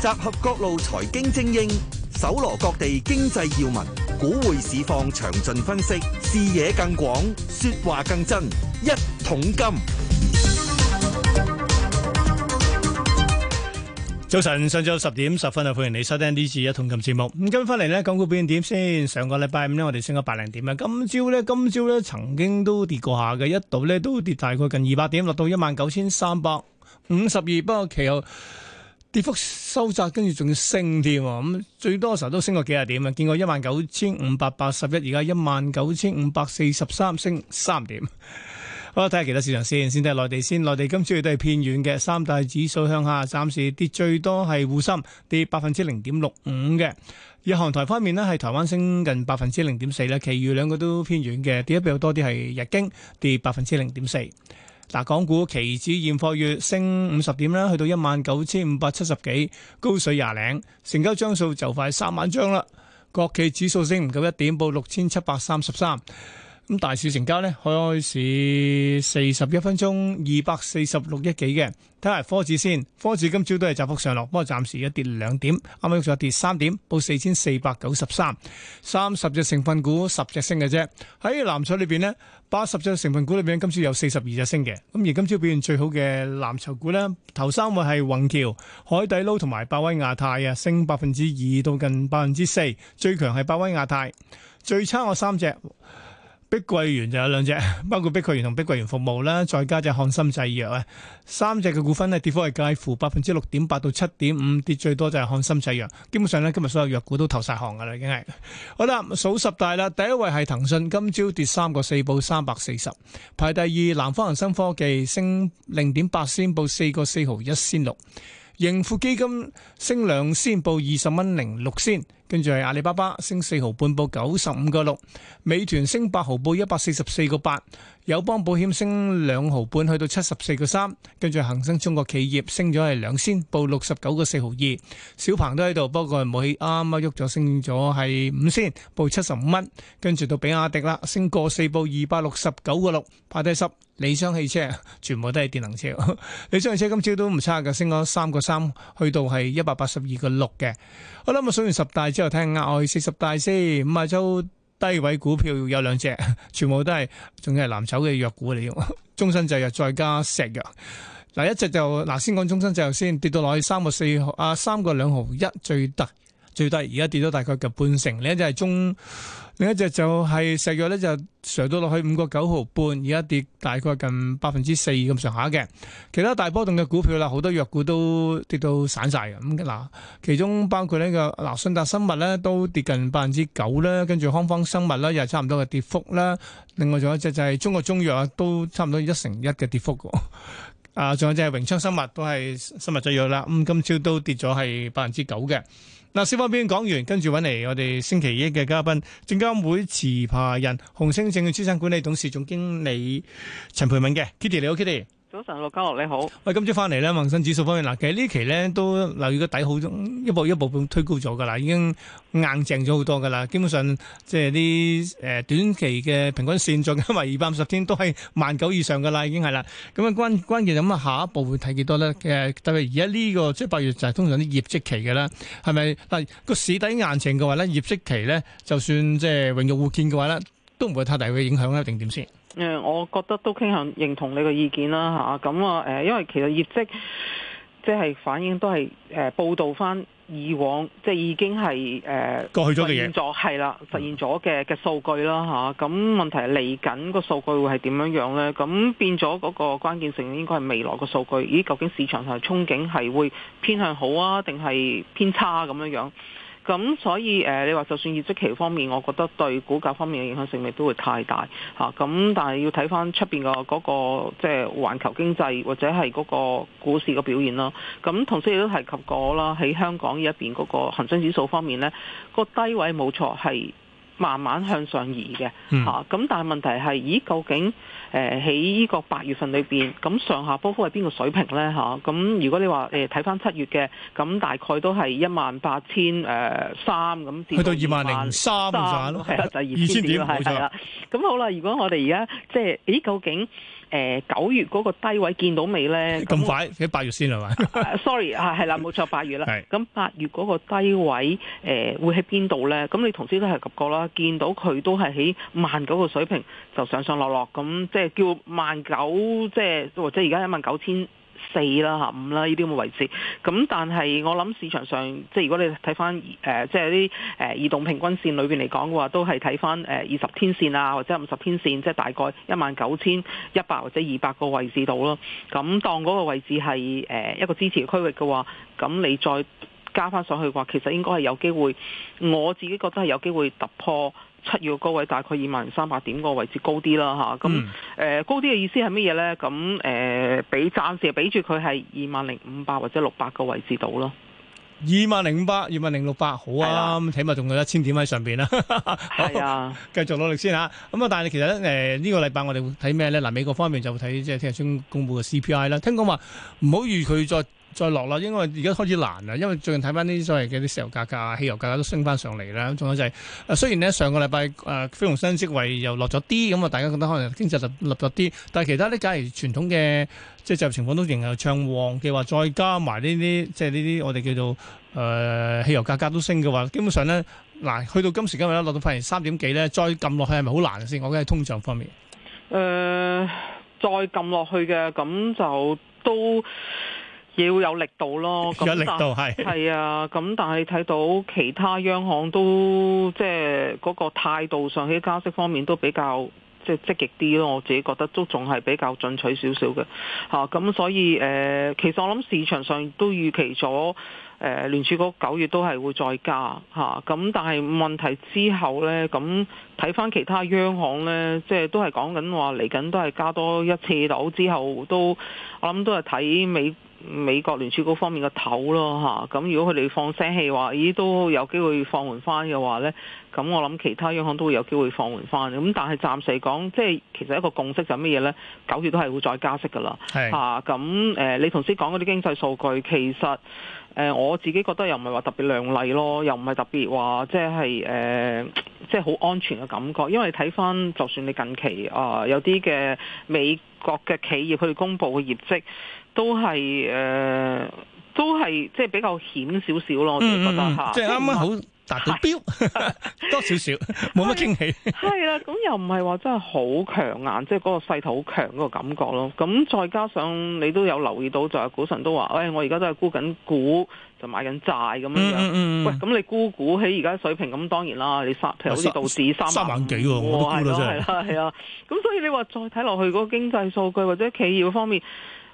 集合各路財經精英，搜羅各地經濟要聞，股匯市況詳盡分析，視野更廣，說話更真。一桶金。早晨，上晝十點十分啊！歡迎你收聽呢次一桶金節目。咁跟翻嚟呢，港股表現點先？上個禮拜五呢，我哋升咗百零點啊。今朝呢，今朝呢曾經都跌過下嘅，一度呢都跌大概近二百點，落到一萬九千三百五十二，不過其後。跌幅收窄，跟住仲要升添，咁最多時候都升過幾廿點啊！見過一萬九千五百八十一，而家一萬九千五百四十三，升三點。好，睇下其他市場先，先睇下內地先。內地今朝亦都係偏軟嘅，三大指數向下，暫時跌最多係滬深跌百分之零點六五嘅。而韓台方面呢，係台灣升近百分之零點四咧，其餘兩個都偏軟嘅，跌得比較多啲係日經跌百分之零點四。嗱，港股期指現貨月升五十點啦，去到一萬九千五百七十幾，高水廿零，成交張數就快三萬張啦。國企指數升唔夠一點，報六千七百三十三。咁大市成交呢，開市四十一分鐘二百四十六億幾嘅。睇下科指先，科指今朝都係窄幅上落，不過暫時而家跌兩點，啱啱再跌三點，報四千四百九十三。三十隻成分股十隻升嘅啫。喺藍籌裏邊呢，八十隻成分股裏邊，今朝有四十二隻升嘅。咁而今朝表現最好嘅藍籌股呢，頭三位係宏橋、海底撈同埋百威亞太啊，升百分之二到近百分之四。最強係百威亞太，最差我三隻。碧桂園就有兩隻，包括碧桂園同碧桂園服務啦，再加隻漢森製藥啊，三隻嘅股份呢跌幅係介乎百分之六點八到七點五，跌最多就係漢森製藥。基本上呢，今日所有藥股都投晒行噶啦，已經係。好啦，數十大啦，第一位係騰訊，今朝跌三個四，報三百四十。排第二，南方恒生科技升零點八先，報四個四毫，一先六。盈富基金升兩先，報二十蚊零六先。跟住係阿里巴巴升四毫半，報九十五個六；美團升八毫報一百四十四個八；友邦保險升兩毫半，去到七十四個三；跟住恒生中國企業升咗係兩仙，報六十九個四毫二；小鵬都喺度，不過係冇好啱啱喐咗，了升咗係五仙，報七十五蚊；跟住到比亞迪啦，升過四，報二百六十九個六；派低十理想汽車，全部都係電能車。理 想汽車今朝都唔差嘅，升咗三個三，去到係一百八十二個六嘅。我諗咁數完十大。之後聽下、啊、額外四十大先，五十周低位股票有兩隻，全部都係，仲要係藍籌嘅藥股嚟。中生製藥再加石藥，嗱一隻就嗱先講中生製藥先，跌到落去三個四毫，啊三個兩毫一最低，最低，而家跌到大概嘅半成一隻係中。另一隻就係石藥咧，就上到落去五個九毫半，而家跌大概近百分之四咁上下嘅。其他大波動嘅股票啦，好多藥股都跌到散晒。咁嗱，其中包括呢、這個嗱信達生物咧，都跌近百分之九啦。跟住康方生物啦，又係差唔多嘅跌幅啦。另外仲有一隻就係中國中藥啊，都差唔多一成一嘅跌幅喎。啊，仲有就係榮昌生物都係生物製藥啦，咁、嗯、今朝都跌咗係百分之九嘅。嗱，消防篇講完，跟住搵嚟我哋星期一嘅嘉賓，證監會持牌人、紅星證券資產管理董事總經理陳培敏嘅，Kitty 你好，Kitty。早晨，陸嘉樂你好。喂，今朝翻嚟咧，恒生指數方面，嗱，其實呢期咧都留意個底好一步一步咁推高咗噶啦，已經硬淨咗好多噶啦。基本上，即係啲誒短期嘅平均線，最因為二百五十天都係萬九以上噶啦，已經係啦。咁啊關關鍵咁啊，下一步會睇幾多咧？誒，特別而家呢個即係八月就係通常啲業績期㗎啦，係咪但個市底硬淨嘅話咧，業績期咧就算即係榮辱互見嘅話咧，都唔會太大嘅影響咧，定點先？誒，我覺得都傾向認同你嘅意見啦，嚇咁啊，因為其實業績即係反映都係報道翻以往即已經係誒過去咗嘅嘢，實現咗係啦，實現咗嘅嘅數據啦，嚇咁問題嚟緊個數據會係點樣樣咧？咁變咗嗰個關鍵性應該係未來個數據，咦？究竟市場上憧憬係會偏向好啊，定係偏差咁、啊、樣樣？咁所以誒，你話就算業績期方面，我覺得對股價方面嘅影響性力都會太大吓。咁但係要睇翻出面、嗰個嗰個即係環球經濟或者係嗰個股市嘅表現咯。咁同時亦都提及過啦，喺香港呢一邊嗰個恆生指數方面呢，個低位冇錯係。慢慢向上移嘅咁、嗯啊、但係問題係，咦？究竟誒喺呢個八月份裏面，咁上下波幅係邊個水平咧吓？咁如果你話睇翻七月嘅，咁大概都係一萬八千誒三咁跌去到二萬零三咁咋，咯，係啊，就二千點咯，係係啦。咁好啦，如果我哋而家即係，咦？究竟？呃 誒、呃，九月嗰個低位見到未呢？咁快喺八月先係咪、 uh,？Sorry 啊、uh, yeah,，係啦，冇錯，八月啦。咁八月嗰個低位誒、呃，會喺邊度呢？咁你同時都係及過啦，見到佢都係喺萬九個水平，就上上落落咁，即係叫萬九、就是，即係或者而家一萬九千。四啦嚇，五啦呢啲咁嘅位置，咁但係我諗市場上，即係如果你睇翻誒即係啲誒移動平均線裏邊嚟講嘅話，都係睇翻誒二十天線啊，或者五十天線，即係大概一萬九千一百或者二百個位置度咯。咁當嗰個位置係誒一個支持區域嘅話，咁你再。加翻上去嘅話，其實應該係有機會。我自己覺得係有機會突破七月高位，大概二萬零三百點，位點、嗯呃點呃、個位置高啲啦，嚇。咁誒高啲嘅意思係乜嘢咧？咁誒，畀暫時畀住佢係二萬零五百或者六百個位置度咯。二萬零五百，二萬零六百，好啊，啊起碼仲有一千點喺上邊啦。係 啊，繼續努力先嚇。咁啊，但係其實誒呢、呃這個禮拜我哋會睇咩咧？嗱、啊，美國方面就睇即係聽日將公布嘅 CPI 啦。聽講話唔好預佢再。再落啦，因為而家開始難啦，因為最近睇翻呢啲所謂嘅啲石油價格、汽油價格都升翻上嚟啦。咁仲有就係、是、誒、呃，雖然呢上個禮拜誒非農升職位又落咗啲，咁、嗯、啊大家覺得可能經濟就立咗啲，但係其他啲假如傳統嘅即係就業情況都仍然暢旺嘅話，再加埋呢啲即係呢啲我哋叫做誒、呃、汽油價格都升嘅話，基本上咧嗱，去到今時今日咧落到反而三點幾咧再撳落去係咪好難先？我覺得係通脹方面誒、呃、再撳落去嘅咁就都。要有力度咯，有力度係係啊，咁但係睇到其他央行都即係嗰、那個態度上喺加息方面都比較即係積極啲咯。我自己覺得都仲係比較進取少少嘅嚇。咁、啊、所以誒、呃，其實我諗市場上都預期咗誒、呃、聯儲局九月都係會再加嚇。咁、啊、但係問題之後呢，咁睇翻其他央行呢，即係都係講緊話嚟緊都係加多一次樓之後都，我諗都係睇美。美國聯儲局方面嘅頭咯嚇，咁如果佢哋放聲氣話，咦都有機會放緩翻嘅話呢，咁我諗其他央行都會有機會放緩翻。咁但係暫時嚟講，即係其實一個共識就係乜嘢呢？九月都係會再加息噶啦。係咁誒，你頭先講嗰啲經濟數據，其實誒我自己覺得又唔係話特別靚麗咯，又唔係特別話即係誒，即係好、呃、安全嘅感覺。因為你睇翻，就算你近期啊有啲嘅美國嘅企業去公布嘅業績。都係誒、呃，都係即係比較險少少咯，嗯、我哋覺得吓。即係啱啱好達到標， 多少少，冇乜驚喜。係啦，咁又唔係話真係好強硬，即係嗰個勢頭好強嗰個感覺咯。咁再加上你都有留意到，就係股神都話，誒、哎，我而家都係沽緊股，就買緊債咁樣。嗯，嗯喂，咁你沽股起而家水平，咁當然啦，你三、啊，譬如好似道指三萬幾啊，我都沽係。啦係啊。咁所以你話再睇落去嗰個經濟數據或者企業方面。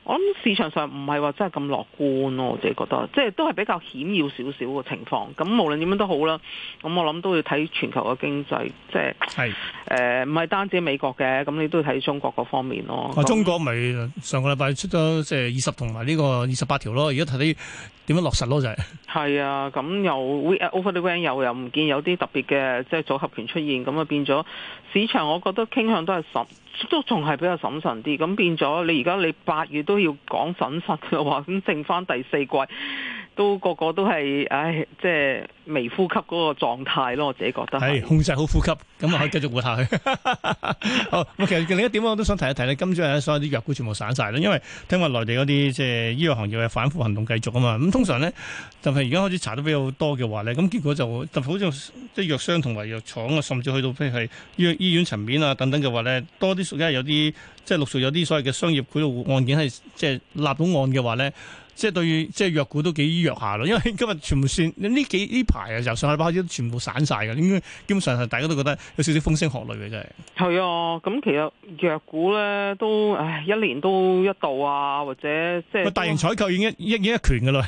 我諗市場上唔係話真係咁樂觀咯，我自己覺得，即係都係比較險要少少嘅情況。咁無論點樣都好啦，咁我諗都要睇全球嘅經濟，即係唔係單止美國嘅，咁你都要睇中國嗰方面咯、啊啊。中國咪上個禮拜出咗即係二十同埋呢個二十八條咯，而家睇啲點樣落實咯就係、係。係啊，咁又 over the r a n 又又唔見有啲特別嘅即係組合拳出現，咁啊，變咗市場，我覺得傾向都係十。都仲係比較審慎啲，咁變咗你而家你八月都要講審慎嘅話，咁剩翻第四季。都個個都係，唉，即係微呼吸嗰個狀態咯。我自己覺得係控制好呼吸，咁啊可以繼續活下去。 好，咁其實另外一點我都想提一提咧，今朝日所有啲藥股全部散晒啦，因為聽話內地嗰啲即係醫藥行業嘅反腐行動繼續啊嘛。咁通常咧，就係而家開始查得比較多嘅話咧，咁結果就特別好似即係藥商同埋藥廠啊，甚至去到譬如係醫醫院層面啊等等嘅話咧，多啲屬於有啲即係陸續有啲所謂嘅商業賄賂案件係即係立到案嘅話咧。即係對，即係弱股都幾弱下咯。因為今日全部算呢幾呢排啊，由上禮拜開始都全部散晒嘅。應該基本上係大家都覺得有少少風聲鶴唳嘅，真係。係啊，咁其實弱股咧都唉，一年都一度啊，或者即係。大型採購已經一已一,一拳嘅啦。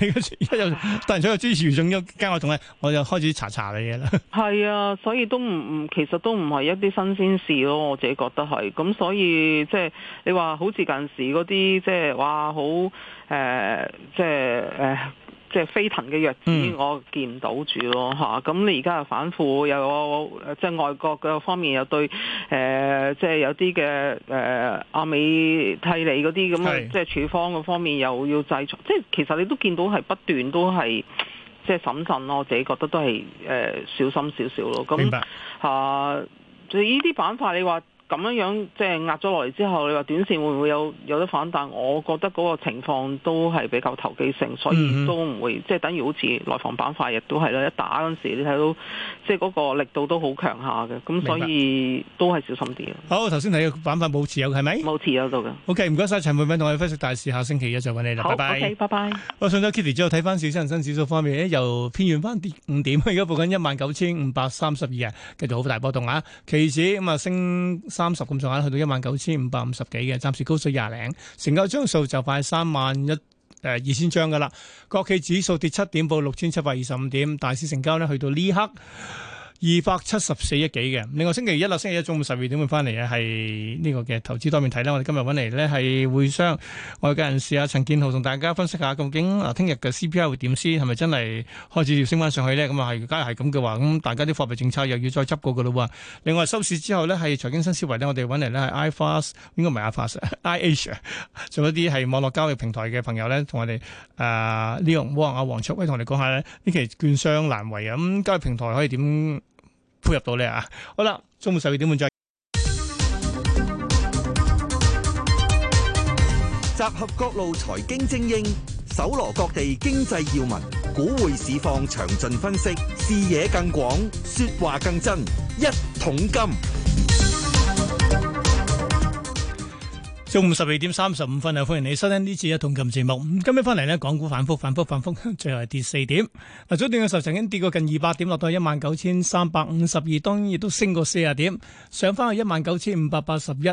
大 型採購支持，仲要加我同咧，我就開始查查你嘅啦。係啊，所以都唔唔，其實都唔係一啲新鮮事咯。我自己覺得係咁，所以即係你話好似近時嗰啲即係哇好。誒、呃，即係誒、呃，即係飛騰嘅藥資，我見唔到住咯嚇。咁你而家又反腐，又有即係外國嘅方面又對，誒、呃，即係有啲嘅誒，阿、呃、美替尼嗰啲咁嘅即係處方嗰方面又要制裁。即係其實你都見到係不斷都係即係審慎咯。我自己覺得都係誒、呃、小心少少咯。咁、嗯、嚇，就呢啲板塊，你話？咁樣樣即係壓咗落嚟之後，你話短線會唔會有有得反彈？我覺得嗰個情況都係比較投機性，所以都唔會即係、就是、等於好似內房板塊亦都係啦。一打嗰陣時你，你睇到即係嗰個力度都好強下嘅，咁、嗯、所以都係小心啲。好，頭先睇嘅板塊冇持有係咪？冇持有到嘅。OK，唔該晒。陳佩敏同我哋分析大市。下星期一再揾你啦，拜拜。OK，拜拜。好，bye bye okay, bye bye 上咗 Kitty 之後睇翻小新恒生指數方面，又偏軟翻跌五點，而家報緊一萬九千五百三十二，繼續好大波動啊！期指咁啊升。三十咁上下，去到一萬九千五百五十幾嘅，暫時高水廿零，成交張數就快三萬一誒二千張噶啦。國企指數跌七點，報六千七百二十五點。大市成交呢，去到呢刻，二百七十四億幾嘅，另外星期一啦，星期一中午十二點會翻嚟啊，係呢個嘅投資多面睇啦。我哋今日揾嚟咧係匯商外匯人士啊，陳建豪同大家分析下究竟嗱，聽日嘅 CPI 會點先，係咪真係開始要升翻上去咧？咁啊，係，如果係咁嘅話，咁大家啲貨幣政策又要再執過嘅咯喎。另外收市之後咧，係財經新思維咧，我哋揾嚟咧係 iFast，應該唔係 iFast，iAsia，仲有啲係網絡交易平台嘅朋友咧，同我哋啊，呢個 Leon 啊，黃卓威同我哋講下咧，呢期券商難為啊，咁交易平台可以點？配合到咧啊！好啦，中午十二點半再集合各路財經精英，搜羅各地經濟要聞，股匯市況詳盡分析，視野更廣，說話更真，一桶金。中午十二點三十五分啊，歡迎你收聽呢次嘅一桶金節目。今日翻嚟呢，港股反復反復反復，最後係跌四點。嗱，早段嘅時候曾經跌過近二百點，落到一萬九千三百五十二，當然亦都升過四十點，上翻去一萬九千五百八十一。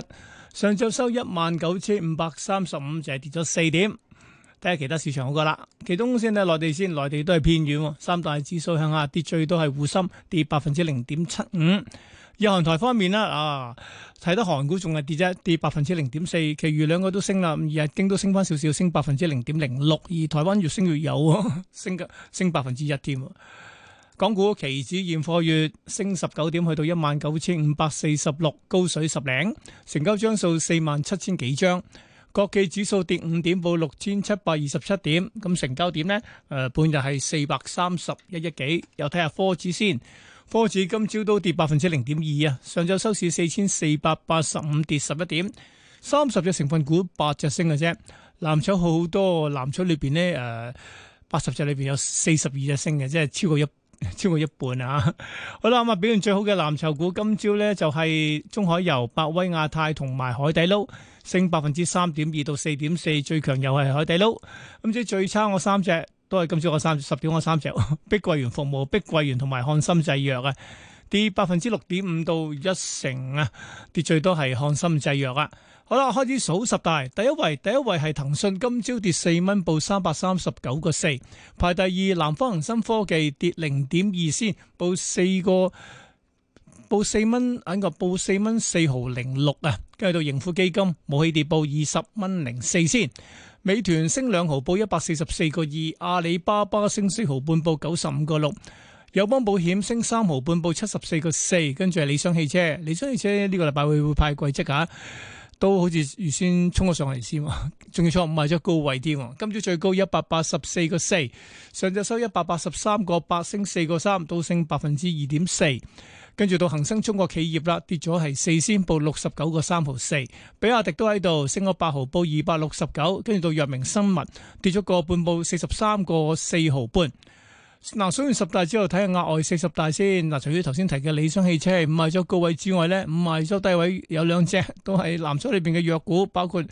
上晝收一萬九千五百三十五，就係跌咗四點。睇下其他市場好過啦。其中先呢，內地先，內地都係偏軟。三大指數向下跌，最多係滬深跌百分之零點七五。日韓台方面啦，啊，睇到韓股仲係跌啫，跌百分之零點四，其餘兩個都升啦，而日京都升翻少少，升百分之零點零六，而台灣越升越有，呵呵升升百分之一添。港股期指現貨月升十九點，去到一萬九千五百四十六，高水十零，成交張數四萬七千幾張。國際指數跌五點，報六千七百二十七點，咁成交點呢，誒、呃，半日係四百三十一億幾。又睇下科指先。科指今朝都跌百分之零點二啊！上晝收市四千四百八十五跌十一點，三十隻成分股八隻升嘅啫。藍籌好多，藍籌裏邊呢，誒，八十隻裏邊有四十二隻升嘅，即係超過一超過一半啊！好啦，咁啊表現最好嘅藍籌股今朝呢就係中海油、百威亞太同埋海底撈，升百分之三點二到四點四，最強又係海底撈。咁即係最差我三隻。今朝我三十點我三隻，碧桂園服務、碧桂園同埋翰森製藥啊，跌百分之六點五到一成啊，跌最多係翰森製藥啊。好啦，開始數十大，第一位第一位係騰訊，今朝跌四蚊，報三百三十九個四。排第二，南方恒生科技跌零點二先，報四個，報四蚊，一個報四蚊四毫零六啊。繼續到盈富基金，冇起跌，報二十蚊零四先。美團升兩毫報一百四十四個二，阿里巴巴升四毫半報九十五個六，友邦保險升三毫半報七十四個四，跟住係理想汽車，理想汽車呢個禮拜會會派季績吓，都好似預先沖咗上嚟先喎，仲要創五萬只高位添喎，今朝最高一百八十四個四，上晝收一百八十三個八，升四個三，都升百分之二點四。跟住到恒生中國企業啦，跌咗係四仙報六十九個三毫四，比亞迪都喺度升咗八毫報二百六十九，跟住到藥明生物跌咗個半報四十三個四毫半。嗱，數完十大之後睇下額外四十大先。嗱，除咗頭先提嘅理想汽車係五賣咗高位之外呢，五賣咗低位有兩隻都係藍籌裏邊嘅藥股，包括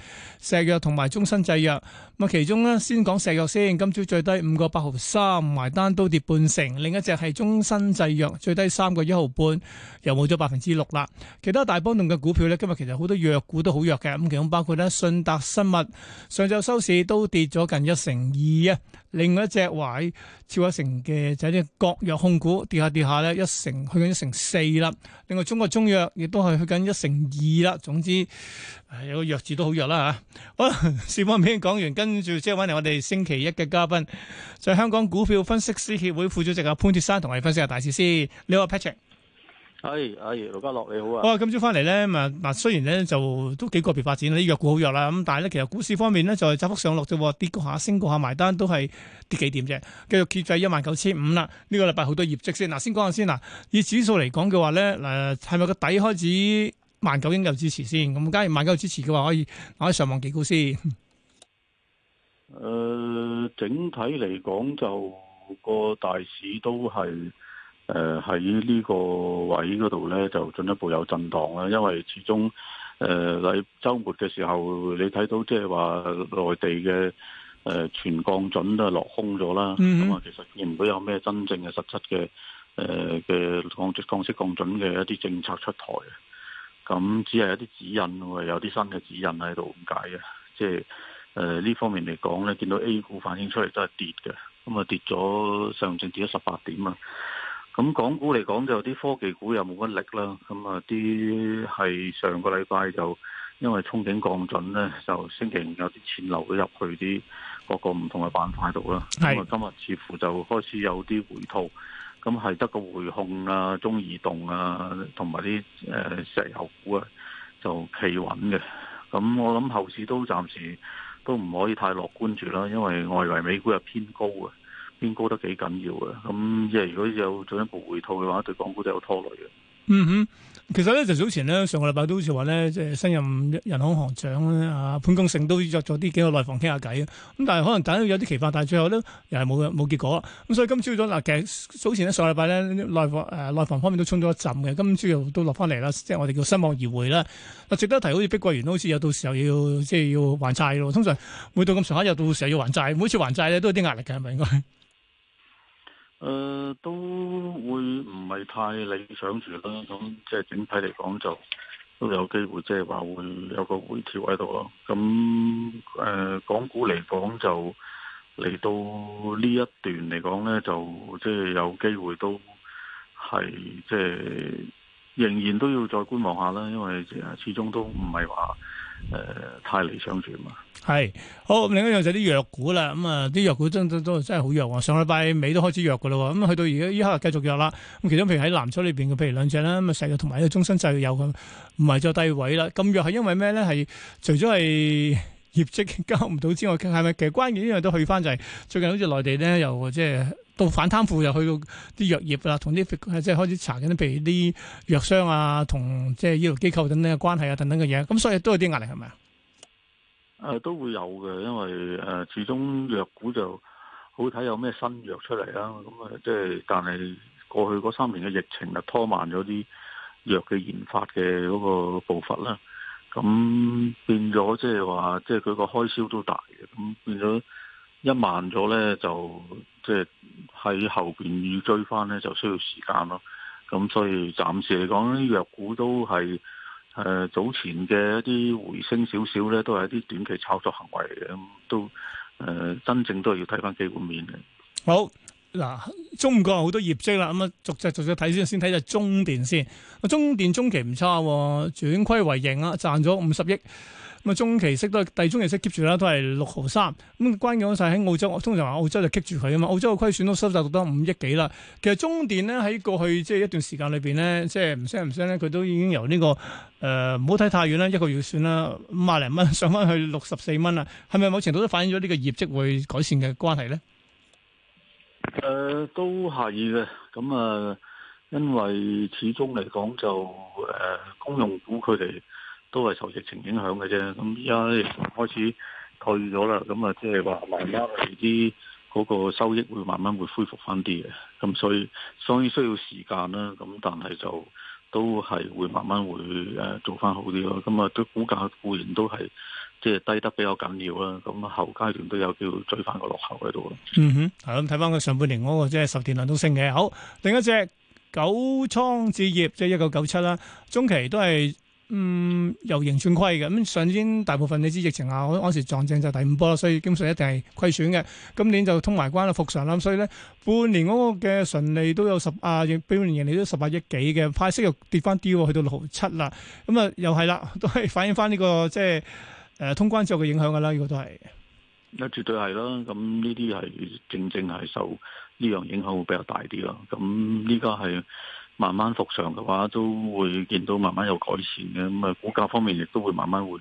石藥同埋中新製藥。咁其中呢，先講石藥先，今朝最低五個八毫三，埋單都跌半成。另一隻係中生製藥，最低三個一毫半，又冇咗百分之六啦。其他大波動嘅股票呢，今日其實好多藥股都好弱嘅。咁其中包括呢，信達生物上晝收市都跌咗近一成二啊。另外一隻話超一成嘅就啲、是、呢國藥控股，跌下跌下呢，一成，去緊一成四啦。另外中國中藥亦都係去緊一成二啦。總之。有個弱字都好弱啦嚇！好，事方面講完，跟住即係揾嚟我哋星期一嘅嘉賓，就係、是、香港股票分析師協會副主席阿潘鐵山同我哋分析大事師大師先。你好 Patrick，阿係、哎哎，盧家樂你好啊！好，今朝翻嚟咧，咁啊，雖然咧就都幾個別發展啦，弱股好弱啦，咁但係咧其實股市方面咧就係窄幅上落啫，跌過下，升過下埋單都係跌幾點啫，繼續企喺一萬九千五啦。呢個禮拜好多業績先。嗱，先講下先嗱，以指數嚟講嘅話咧，嗱係咪個底開始？萬九英有支持先，咁假如萬九英支持嘅話可，可以可以上望幾高先。誒、呃，整體嚟講就個大市都係誒喺呢個位嗰度咧，就進一步有震盪啦。因為始終誒喺、呃、週末嘅時候，你睇到即係話內地嘅、呃、全降準都落空咗啦。咁、嗯、啊，其實見唔到有咩真正嘅實質嘅誒嘅降降息降準嘅一啲政策出台。咁只係有啲指引，有啲新嘅指引喺度解嘅，即係誒呢方面嚟講呢，見到 A 股反映出嚟都係跌嘅。咁、嗯、啊跌咗上證跌咗十八點啊，咁、嗯、港股嚟講就有啲科技股又冇乜力啦，咁啊啲係上個禮拜就因為憧憬降準呢，就星期五有啲錢流咗入去啲各個唔同嘅板塊度啦，咁、嗯、今日似乎就開始有啲回吐。咁係得個匯控啊、中移動啊，同埋啲誒石油股啊，就企穩嘅。咁我諗後市都暫時都唔可以太樂觀住啦，因為外圍美股又偏高啊，偏高得幾緊要嘅。咁即係如果有進一步回吐嘅話，對港股就有拖累嘅。嗯哼，其實咧就早前咧上個禮拜都好似話咧即係新任銀行行長啊潘功勝都約咗啲幾個內房傾下偈。咁但係可能大家都有啲期望，但係最後都又係冇冇結果，咁所以今朝早，嗱，其實早前咧上個禮拜咧內房誒內房方面都衝咗一陣嘅，今朝又都落翻嚟啦，即係我哋叫失望而回啦。嗱，值得一提好似碧桂園都好似有到時候要即係、就是、要還債咯，通常每到咁上下又到時候要還債，每次還債咧都有啲壓力嘅，係咪應該？誒、呃，都會唔係太理想住啦，咁即係整體嚟講就都有機會，即係話會有個回調喺度咯。咁誒、呃，港股嚟講就嚟到呢一段嚟講呢就即係、就是、有機會都係即係仍然都要再觀望下啦，因為始終都唔係話。誒、呃，太理想住嘛？係，好，另一樣就啲藥股啦。咁啊，啲藥股真都真真係好弱啊！上禮拜尾都開始弱噶啦，咁去到而家依刻又繼續弱啦。咁其中譬如喺藍籌裏邊嘅，譬如兩隻啦，咁啊，石藥同埋呢個中生製藥有佢，唔係再低位啦。咁弱係因為咩咧？係除咗係業績交唔到之外，係咪？其實關鍵一樣都去翻就係、是、最近好似內地咧又即係。到反貪腐又去到啲藥業啦，同啲即係開始查緊啲譬如啲藥商啊，同即係醫療機構等等嘅關係啊等等嘅嘢，咁所以都有啲壓力係咪啊？誒，都會有嘅，因為誒、呃、始終藥股就好睇有咩新藥出嚟啦。咁啊，即係但係過去嗰三年嘅疫情就拖慢咗啲藥嘅研發嘅嗰個步伐啦。咁變咗即係話，即係佢個開銷都大嘅。咁變咗一慢咗咧，就即係。係後邊要追翻咧，就需要時間咯。咁所以暫時嚟講，藥股都係誒、呃、早前嘅一啲回升少少咧，都係一啲短期炒作行為嚟嘅。咁都誒、呃、真正都係要睇翻基本面嘅。好嗱、啊，中國好多業績啦。咁、嗯、啊，逐隻逐隻睇先，先睇隻中電先。中電中期唔差、啊，轉虧為盈啦、啊，賺咗五十億。咁中期息都，第二中期息 keep 住啦，都係六毫三。咁關鍵嗰晒喺澳洲，通常話澳洲就 keep 住佢啊嘛。澳洲嘅虧損都收窄到得五億幾啦。其實中電咧喺過去即係一段時間裏邊咧，即係唔聲唔聲咧，佢都已經由呢、這個誒唔好睇太遠啦，一個月算啦，五十零蚊上返去六十四蚊啦。係咪某程度都反映咗呢個業績會改善嘅關係咧？誒、呃，都係嘅。咁啊、呃，因為始終嚟講就誒、呃、公用股佢哋。都係受疫情影響嘅啫，咁依家開始退咗啦，咁啊，即係話慢慢啲嗰個收益會慢慢會恢復翻啲嘅，咁所以當然需要時間啦，咁但係就都係會慢慢會誒做翻好啲咯，咁啊，都股價固然都係即係低得比較緊要啦，咁後階段都有叫追翻個落後喺度咯。嗯哼，咁睇翻佢上半年嗰、那個即係、就是、十電量都升嘅，好，另一隻九倉置業即係一九九七啦，就是、1997，中期都係。嗯，由盈轉虧嘅，咁，上年大部分你知疫情啊，安時撞正就第五波啦，所以基本上一定係虧損嘅。今年就通埋關啦，復常啦，咁所以咧，半年嗰個嘅純利都有十啊，半年盈利都十八億幾嘅，派息又跌翻啲，去到六毫七啦。咁啊，又係啦，都係反映翻、這、呢個即係誒通關之後嘅影響噶啦，呢、這個都係。啊，絕對係咯，咁呢啲係正正係受呢樣影響會比較大啲咯。咁呢家係。慢慢復常嘅話，都會見到慢慢有改善嘅，咁啊，股價方面亦都會慢慢會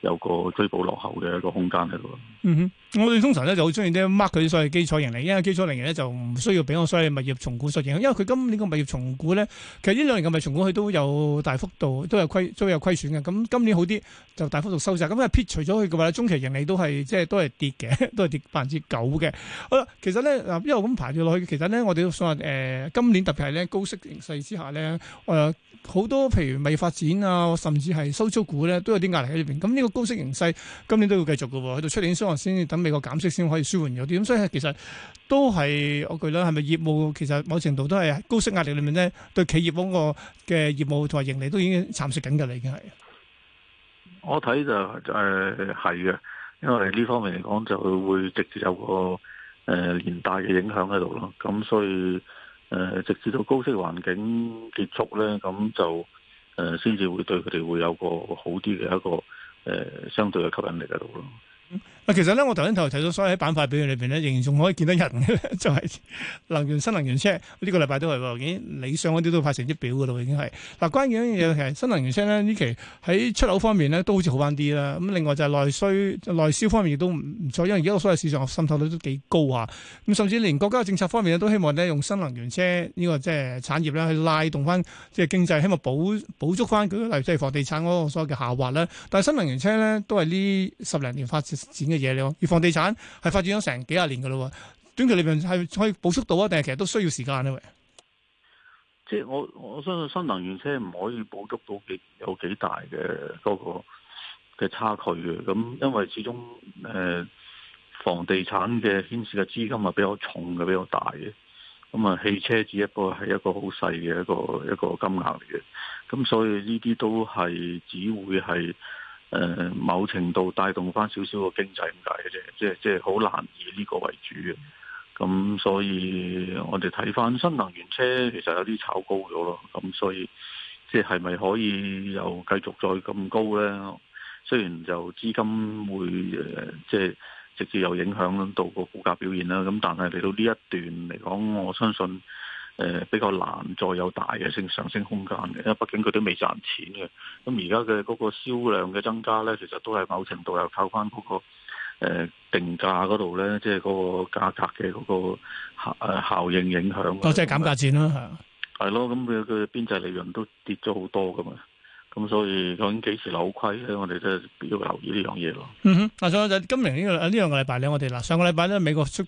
有個追補落後嘅一個空間喺度。嗯哼。我哋通常咧就好中意啲 mark 佢所謂基礎盈利，因為基礎盈利咧就唔需要俾我所謂物業重估所影響，因為佢今年個物業重估咧，其實呢兩年嘅物業重估佢都有大幅度，都有虧都有虧損嘅。咁、嗯、今年好啲就大幅度收窄，咁、嗯、啊撇除咗佢嘅話，中期盈利都係即係都係跌嘅，都係跌百分之九嘅。好啦，其實咧因一路咁排住落去，其實咧我哋都想話誒、呃，今年特別係咧高息形勢之下咧，誒好多譬如物業發展啊，甚至係收租股咧都有啲壓力喺入邊。咁、嗯、呢、這個高息形勢今年都要繼續嘅喎，去到出年先話等。美國減息先可以舒緩咗啲，咁所以其實都係我覺得係咪業務其實某程度都係高息壓力裏面咧，對企業嗰個嘅業務同埋盈利都已經蠶食緊噶啦，已經係。我睇就誒係嘅，因為呢方面嚟講就會直接有個誒、呃、連帶嘅影響喺度咯。咁所以誒、呃、直至到高息環境結束咧，咁就誒先至會對佢哋會有個好啲嘅一個誒、呃、相對嘅吸引力喺度咯。嗱，其實咧，我頭先頭提到所有板塊表現裏面咧，仍然仲可以見得人嘅，就係、是、能源、新能源車呢、這個禮拜都係喎、哎，已經理想嗰啲都發成績表噶啦，已經係嗱，關鍵一樣嘢其實新能源車咧，呢期喺出口方面咧都好似好翻啲啦。咁另外就係內需內銷方面亦都唔唔錯，因為而家所有市場滲透率都幾高啊。咁、嗯、甚至連國家嘅政策方面都希望呢，用新能源車呢、這個即係產業咧去拉動翻即係經濟，希望補補足翻例如即係房地產嗰個所謂嘅下滑啦。但係新能源車咧都係呢十零年發生。發展嘅嘢咯，而房地產係發展咗成幾廿年噶咯，短期裏邊係可以補足到啊？定係其實都需要時間咧？喂，即係我我相信新能源車唔可以補足到幾有幾大嘅嗰個嘅差距嘅。咁因為始終誒、呃、房地產嘅牽涉嘅資金係比較重嘅，比較大嘅，咁、嗯、啊汽車只一個係一個好細嘅一個一個金額嚟嘅，咁所以呢啲都係只會係。誒某程度帶動翻少少嘅經濟咁解嘅啫，即係即係好難以呢個為主嘅。咁所以，我哋睇翻新能源車，其實有啲炒高咗咯。咁所以，即係係咪可以又繼續再咁高呢？雖然就資金會即係直接有影響到個股價表現啦。咁但係嚟到呢一段嚟講，我相信。誒、呃，比較難再有大嘅升上升空間嘅，因為畢竟佢都未賺錢嘅。咁而家嘅嗰個銷量嘅增加咧，其實都係某程度又靠翻、那、嗰個誒、呃、定價嗰度咧，即係嗰個價格嘅嗰個效誒效應影響。哦、啊，即係減價戰啦，係咯。咁佢佢邊際利潤都跌咗好多噶嘛。咁所以究竟幾時扭虧咧，我哋真係要留意呢樣嘢咯。嗯哼，嗱、啊，上個今明呢個呢兩個禮拜咧，我哋嗱上個禮拜咧，美國出。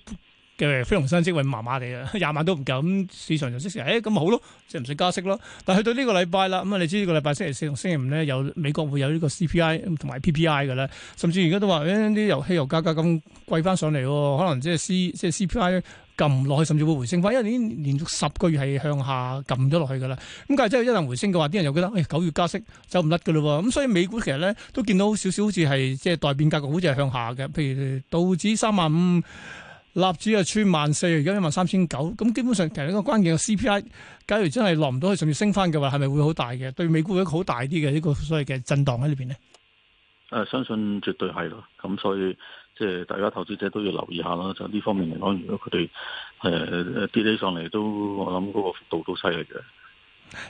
嘅非農新職位麻麻地啊，廿萬都唔夠咁市場就即時誒咁咪好咯，即唔使加息咯。但係去到呢個禮拜啦，咁啊你知呢個禮拜星期四同星期五咧有美國會有呢個 CPI 同埋 PPI 嘅咧，甚至而家都話誒啲油汽油價格咁貴翻上嚟，可能即係 C 即係 CPI 撳落去，甚至會回升翻，因為已經連續十個月係向下撳咗落去㗎啦。咁但係真係一旦回升嘅話，啲人又覺得、哎、九月加息走唔甩㗎咯。咁所以美股其實咧都見到少少好似係即係代變格局，好似係向下嘅，譬如道指三萬五。納指啊，穿萬四，而家一萬三千九，咁基本上其實呢個關鍵嘅 CPI，假如真係落唔到去，甚至上升翻嘅話，係咪會好大嘅？對美股會好大啲嘅呢個所謂嘅震盪喺裏邊呢？誒，相信絕對係咯，咁所以即係大家投資者都要留意一下啦。就呢方面嚟講，如果佢哋誒跌起上嚟，都我諗嗰個幅度都犀利嘅。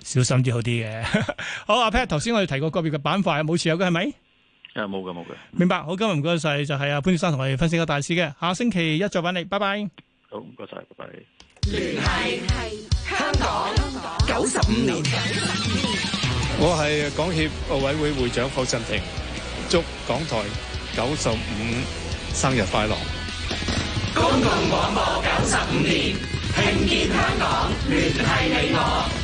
小心啲好啲嘅。 好，阿 Pat，頭先我哋提過個別嘅板塊冇持有嘅係咪？誒，冇嘅冇嘅，明白。好，今日唔該晒，就係阿潘先生同我哋分析個大事嘅，下星期一再揾你，拜拜。好，唔該晒，拜拜。聯繫係香港九十五年，我係港協奧委會會長霍震霆，祝港台九十五生日快樂。公共廣播九十五年，聽見香港，聯繫你我。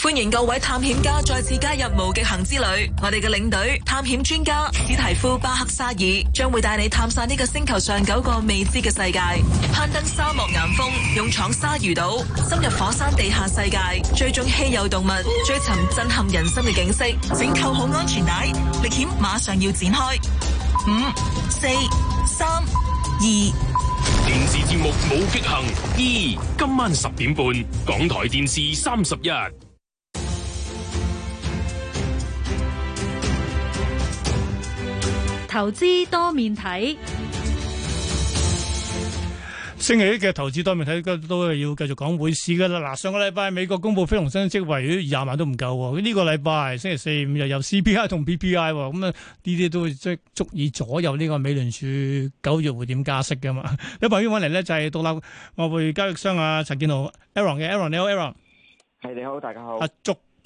歡迎各位探險家再次加入《無極行之旅》，我哋嘅領隊探險專家史提夫巴克沙爾將會帶你探索呢個星球上九個未知嘅世界，攀登沙漠岩峰，勇闖鯊魚島，深入火山地下世界，追蹤稀有動物，追尋震撼人心嘅景色。整扣好安全帶，歷險馬上要展開。五、四、三、二，電視節目《無極行》。二今晚十點半，港台電視三十一。投資多面睇，星期一嘅投資多面睇都都係要繼續講匯市噶啦。嗱，上個禮拜美國公布非農新增職位廿萬都唔夠喎，呢、這個禮拜星期四、五又有 CPI 同 PPI 喎，咁啊呢啲都足足以左右呢個美聯儲九月會點加息噶嘛。有朋友揾嚟咧就係獨立外匯交易商啊陳建豪 Aaron 嘅 Aaron 你好 Aaron 係你好，大家好。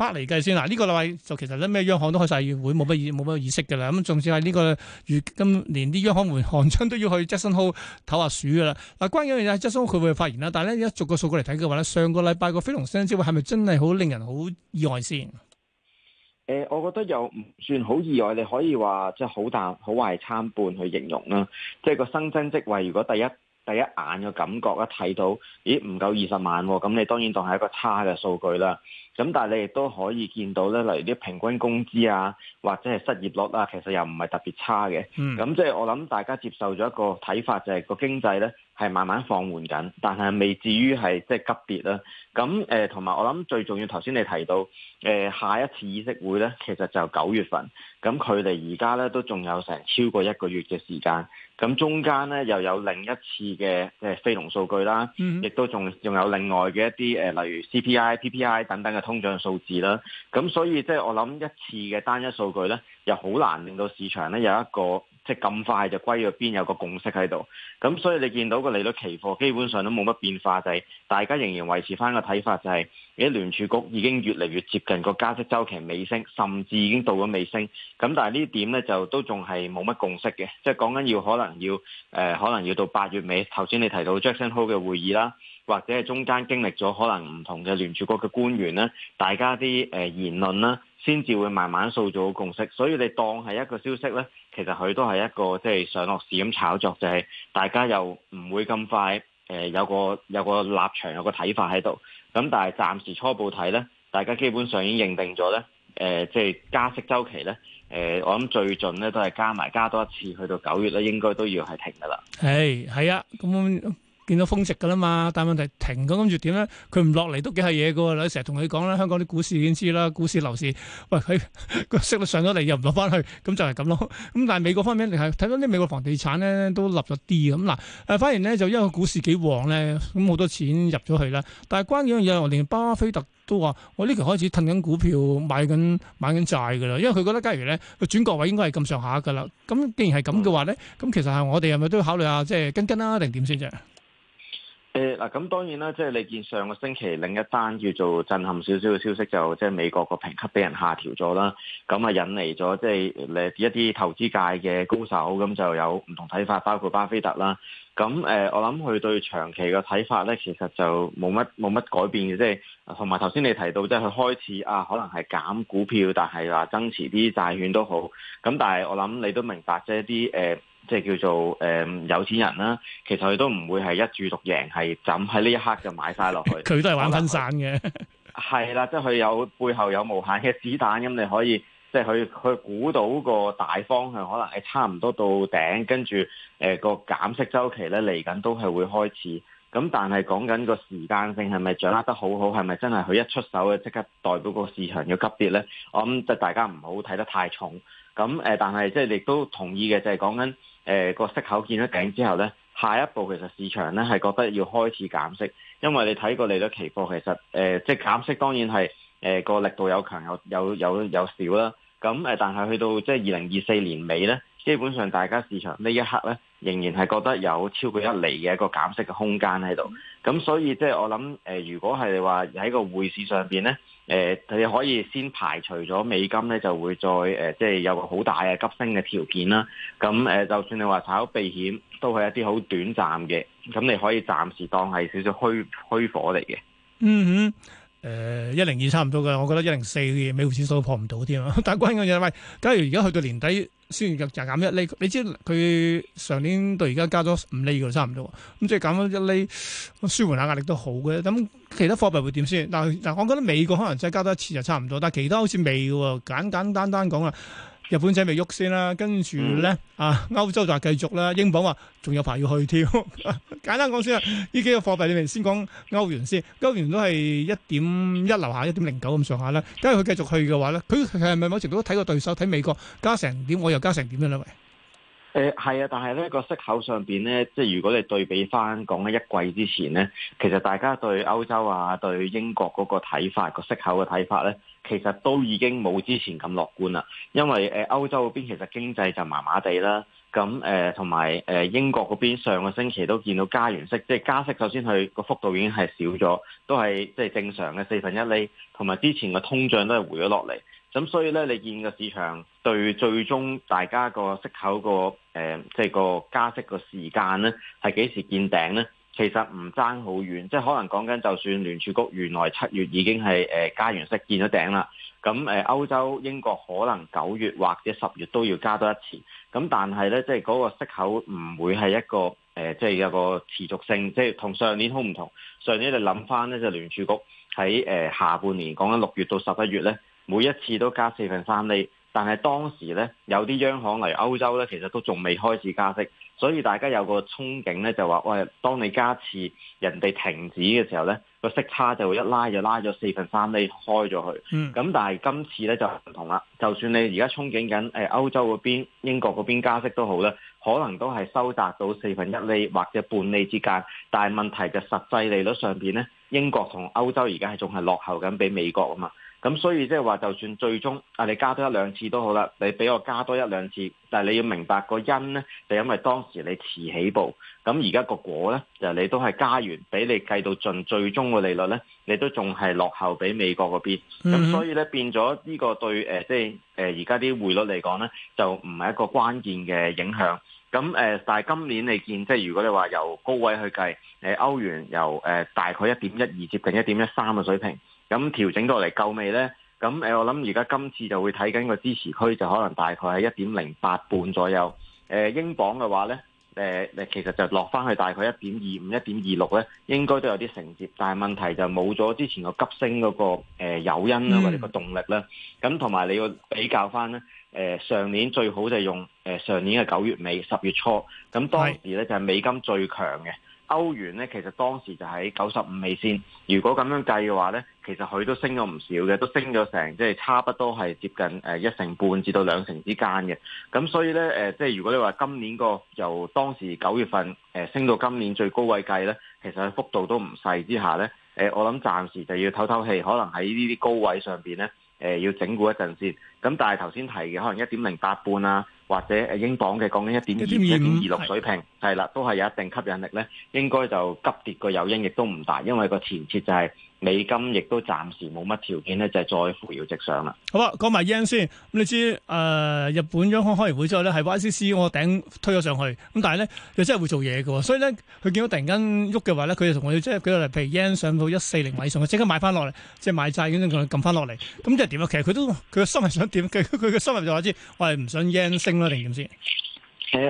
乜嚟計先嗱？呢個禮拜就其實咧咩央行都開晒會，冇乜意冇乜意識噶啦。咁仲算係呢個如今連啲央行換行長都要去 Jackson Hole 唞下暑噶啦嗱。關鍵嘅嘢係 Jackson，佢會發言啦。但係咧一逐個數據嚟睇嘅話咧，上個禮拜個飛龍升職位係咪真係好令人好意外先？誒、呃，我覺得又唔算好意外。你可以話即係好大、好壞參半去形容啦。即係個新增職位，如果第一第一眼嘅感覺一睇到，咦唔夠二十萬咁，你當然當係一個差嘅數據啦。咁但係你亦都可以見到咧，例如啲平均工資啊，或者係失業率啊，其實又唔係特別差嘅。咁即係我諗大家接受咗一個睇法、就是，就係個經濟咧係慢慢放緩緊，但係未至於係即係急跌啦。咁誒同埋我諗最重要，頭先你提到誒、呃、下一次議息會咧，其實就九月份。咁距離而家咧都仲有成超過一個月嘅時間，咁中間咧又有另一次嘅誒非農數據啦，亦、嗯、都仲仲有另外嘅一啲誒、呃、例如 CPI、PPI 等等嘅。通脹嘅數字啦，咁所以即係我諗一次嘅單一數據咧，又好難令到市場咧有一個即係咁快就歸咗邊有個共識喺度，咁所以你見到個利率期貨基本上都冇乜變化，就係、是、大家仍然維持翻個睇法、就是，就係而家聯儲局已經越嚟越接近個加息週期尾聲，甚至已經到咗尾聲，咁但係呢點咧就都仲係冇乜共識嘅，即係講緊要可能要誒、呃、可能要到八月尾，頭先你提到 Jackson Hole 嘅會議啦。或者係中間經歷咗可能唔同嘅聯儲局嘅官員咧，大家啲誒言論咧，先至會慢慢塑造共識。所以你當係一個消息咧，其實佢都係一個即係上落市咁炒作，就係、是、大家又唔會咁快誒有個有個立場有個睇法喺度。咁但係暫時初步睇咧，大家基本上已經認定咗咧，誒即係加息周期咧，誒我諗最近咧都係加埋加多一次，去到九月咧應該都要係停噶啦。係係啊，咁。見到峰值噶啦嘛，但問題停咁、那個、跟住點咧？佢唔落嚟都幾係嘢噶喎。你成日同佢講啦，香港啲股市已經知啦，股市樓市喂，佢個息咪上咗嚟又唔落翻去，咁就係咁咯。咁但係美國方面，你係睇到啲美國房地產咧都立咗啲咁嗱。誒、啊，反而咧就因為股市幾旺咧，咁好多錢入咗去啦。但係關鍵樣嘢，我連巴菲特都話：我呢期開始褪緊股票，買緊買緊債噶啦。因為佢覺得假如咧佢轉角位應該係咁上下噶啦。咁既然係咁嘅話咧，咁、嗯、其實係我哋係咪都要考慮下，即、就、係、是、跟跟啊定點先啫？誒、嗯，嗱，咁當然啦，即、就、係、是、你見上個星期另一單叫做震撼少少嘅消息就，就即、是、係美國個評級俾人下調咗啦，咁啊引嚟咗即係一啲投資界嘅高手，咁就有唔同睇法，包括巴菲特啦，咁誒、呃、我諗佢對長期嘅睇法咧，其實就冇乜冇乜改變嘅，即係同埋頭先你提到即係佢開始啊，可能係減股票，但係話增持啲債券都好，咁但係我諗你都明白即係一啲誒。就是一即係叫做誒、嗯、有錢人啦，其實佢都唔會係一注獨贏，係枕喺呢一刻就買晒落去。佢都係玩分散嘅，係啦，即係佢有背後有無限嘅子彈咁，你可以即係佢佢估到個大方向可能係差唔多到頂，跟住誒個減息周期咧嚟緊都係會開始。咁但係講緊個時間性係咪掌握得好好，係咪真係佢一出手就即刻代表個市場要急跌咧？我諗就大家唔好睇得太重。咁、呃、但係即係亦都同意嘅，就係講緊。誒、呃、個息口見咗頂之後呢，下一步其實市場呢係覺得要開始減息，因為你睇過你嘅期貨其實誒，即、呃、係、就是、減息當然係誒個力度有強有有有有少啦。咁但係去到即係二零二四年尾呢，基本上大家市場呢一刻呢，仍然係覺得有超過一厘嘅一個減息嘅空間喺度。咁所以即係我諗、呃、如果係話喺個匯市上面呢。誒、呃、你可以先排除咗美金咧，就會再誒即係有個好大嘅急升嘅條件啦。咁誒，就算你話炒避險，都係一啲好短暫嘅。咁你可以暫時當係少少虛虛火嚟嘅。嗯哼、嗯。誒一零二差唔多㗎，我覺得一零四美匯指數破唔到添啊！但係關於嘅嘢，喂，假如而家去到年底，先然又減一厘，你知佢上年到而家加咗五厘㗎啦，差唔多，咁即係減咗一厘，舒緩下壓力都好嘅。咁其他貨幣會點先？但係嗱，我覺得美國可能再加多一次就差唔多，但係其他好似未㗎喎，簡簡單單講啦。日本仔未喐先啦，跟住咧啊，歐洲就繼續啦，英鎊話仲有排要去跳。簡單講先啊，呢幾個貨幣裡面先講歐元先，歐元都係一點一流下一點零九咁上下啦。跟住佢繼續去嘅話咧，佢係咪某程度都睇過對手，睇美國加成點，我又加成點啊兩喂。誒、呃，係啊，但係咧、那個息口上邊咧，即係如果你對比翻講喺一季之前咧，其實大家對歐洲啊、對英國嗰個睇法、個息口嘅睇法咧，其實都已經冇之前咁樂觀啦。因為誒，歐、呃、洲嗰邊其實經濟就麻麻地啦，咁誒，同埋誒英國嗰邊上個星期都見到加元息，即係加息，首先佢、那個幅度已經係少咗，都係即係正常嘅四分一厘，同埋之前嘅通脹都係回咗落嚟。咁所以咧，你見個市場對最終大家個息口、呃就是、個誒，即係個加息個時間咧，係幾時見頂咧？其實唔爭好遠，即係可能講緊就算聯儲局原來七月已經係誒加完息見咗頂啦。咁誒，歐洲英國可能九月或者十月都要加多一次。咁但係咧，即係嗰個息口唔會係一個即係有個持續性，即係同上年好唔同。上年你諗翻咧，就聯儲局喺、呃、下半年講緊六月到十一月咧。每一次都加四分三厘，但係當時呢，有啲央行嚟歐洲呢，其實都仲未開始加息，所以大家有個憧憬呢，就話，喂、哎，當你加次人哋停止嘅時候呢，個息差就一拉就拉咗四分三厘開咗去。咁、嗯、但係今次呢，就唔同啦，就算你而家憧憬緊誒歐洲嗰邊、英國嗰邊加息都好啦，可能都係收窄到四分一厘或者半厘之間，但係問題就實際利率上面呢，英國同歐洲而家係仲係落後緊俾美國啊嘛。咁所以即係話，就算最終啊，你加多一兩次都好啦，你俾我加多一兩次，但係你要明白個因咧，就因為當時你遲起步，咁而家個果咧，就你都係加完，俾你計到盡，最終個利率咧，你都仲係落後俾美國嗰邊。咁所以咧，變咗呢個對、呃、即係而家啲匯率嚟講咧，就唔係一個關鍵嘅影響。咁、呃、但係今年你見即係如果你話由高位去計，誒、呃、歐元由、呃、大概一點一二接近一點一三嘅水平。咁調整到嚟夠未呢？咁誒，我諗而家今次就會睇緊個支持區，就可能大概喺一點零八半左右。誒，英鎊嘅話呢，誒其實就落翻去大概一點二五、一點二六呢，應該都有啲承接。但係問題就冇咗之前個急升嗰個誒誘因啦，或者個動力啦。咁同埋你要比較翻咧，誒上年最好就係用誒上年嘅九月尾、十月初，咁當時呢，就係美金最強嘅。歐元咧，其實當時就喺九十五美仙。如果咁樣計嘅話咧，其實佢都升咗唔少嘅，都升咗成即係差不多係接近一成半至到兩成之間嘅。咁所以咧，即係如果你話今年個由當時九月份升到今年最高位計咧，其實幅度都唔細之下咧，我諗暫時就要唞唞氣，可能喺呢啲高位上邊咧要整固一陣先。咁但係頭先提嘅可能一點零八半啦。或者誒英鎊嘅講緊一點二一點二六水平，係啦，都係有一定吸引力咧。應該就急跌個誘因亦都唔大，因為個前設就係、是。美金亦都暫時冇乜條件咧，就係、是、再扶搖直上啦。好啊，講埋 yen 先。咁你知誒、呃、日本央行開完會之後咧，係 YCC 我頂，頂推咗上去。咁但係咧，佢真係會做嘢㗎喎。所以咧，佢見到突然間喐嘅話咧，佢就同我要即係舉例，譬如 yen 上到一四零位上，我即刻買翻落嚟，即、就、係、是、買債嗰種佢撳翻落嚟。咁即係點啊？其實佢都佢嘅心係想點？佢佢嘅心係就話知，我係唔想 yen 升啦，定點先？誒、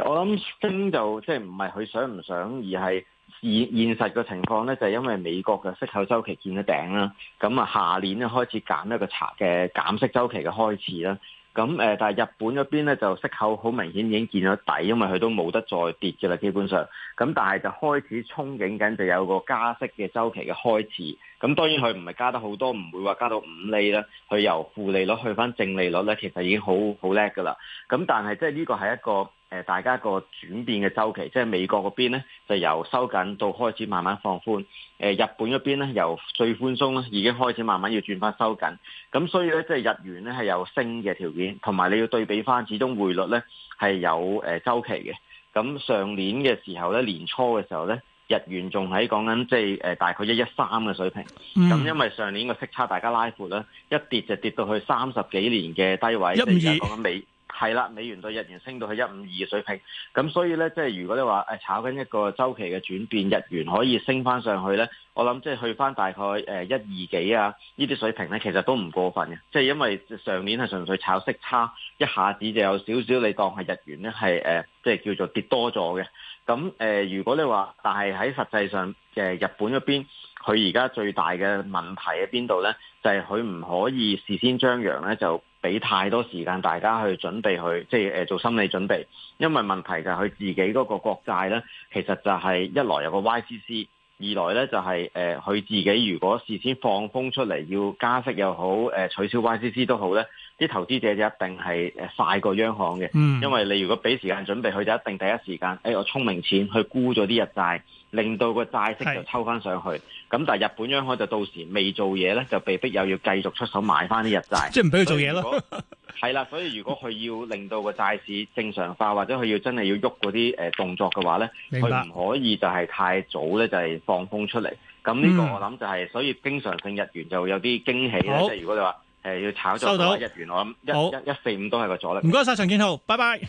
呃，我諗升就即係唔係佢想唔想，而係。現現實嘅情況咧，就係因為美國嘅息口週期見咗頂啦，咁啊下年啊開始減一個查嘅減息週期嘅開始啦，咁誒，但係日本嗰邊咧就息口好明顯已經見咗底，因為佢都冇得再跌嘅啦，基本上，咁但係就開始憧憬緊就有一個加息嘅週期嘅開始，咁當然佢唔係加得好多，唔會話加到五厘啦，佢由負利率去翻正利率咧，其實已經好好叻噶啦，咁但係即係呢個係一個。誒，大家個轉變嘅周期，即係美國嗰邊咧，就由收緊到開始慢慢放寬。誒，日本嗰邊咧，由最寬鬆咧，已經開始慢慢要轉翻收緊。咁所以咧，即係日元咧係有升嘅條件，同埋你要對比翻，始終匯率咧係有誒周期嘅。咁上年嘅時候咧，年初嘅時候咧，日元仲喺講緊即係誒大概一一三嘅水平。咁、嗯、因為上年個息差大家拉闊啦，一跌就跌到去三十幾年嘅低位。即、嗯、係講緊美。係啦，美元對日元升到去一五二嘅水平，咁所以咧，即係如果你話炒緊一個周期嘅轉變，日元可以升翻上去咧，我諗即係去翻大概誒一二幾啊呢啲水平咧，其實都唔過分嘅，即係因為上年係純粹炒息差，一下子就有少少你當係日元咧係、呃、即係叫做跌多咗嘅。咁、呃、如果你話，但係喺實際上嘅日本嗰邊，佢而家最大嘅問題喺邊度咧？就係佢唔可以事先張揚咧就，俾太多時間大家去準備去，即係、呃、做心理準備，因為問題就係佢自己嗰個國債呢，其實就係一來有個 YCC，二來呢就係誒佢自己如果事先放風出嚟要加息又好、呃，取消 YCC 都好呢。啲投資者就一定係誒快過央行嘅，因為你如果俾時間準備佢就一定第一時間，誒、哎、我聰明錢去沽咗啲日債。令到個債息就抽翻上去，咁但係日本央行就到時未做嘢咧，就被逼又要繼續出手買翻啲日債。即係唔俾佢做嘢咯。係啦，所以如果佢 要令到個債市正常化，或者佢要真係要喐嗰啲誒動作嘅話咧，佢唔可以就係太早咧就係放風出嚟。咁、嗯、呢個我諗就係、是，所以經常性日元就有啲驚喜咧。即係如果你話誒要炒作日元，我諗一一一四五都係個阻力。唔該晒，陳建浩，拜拜。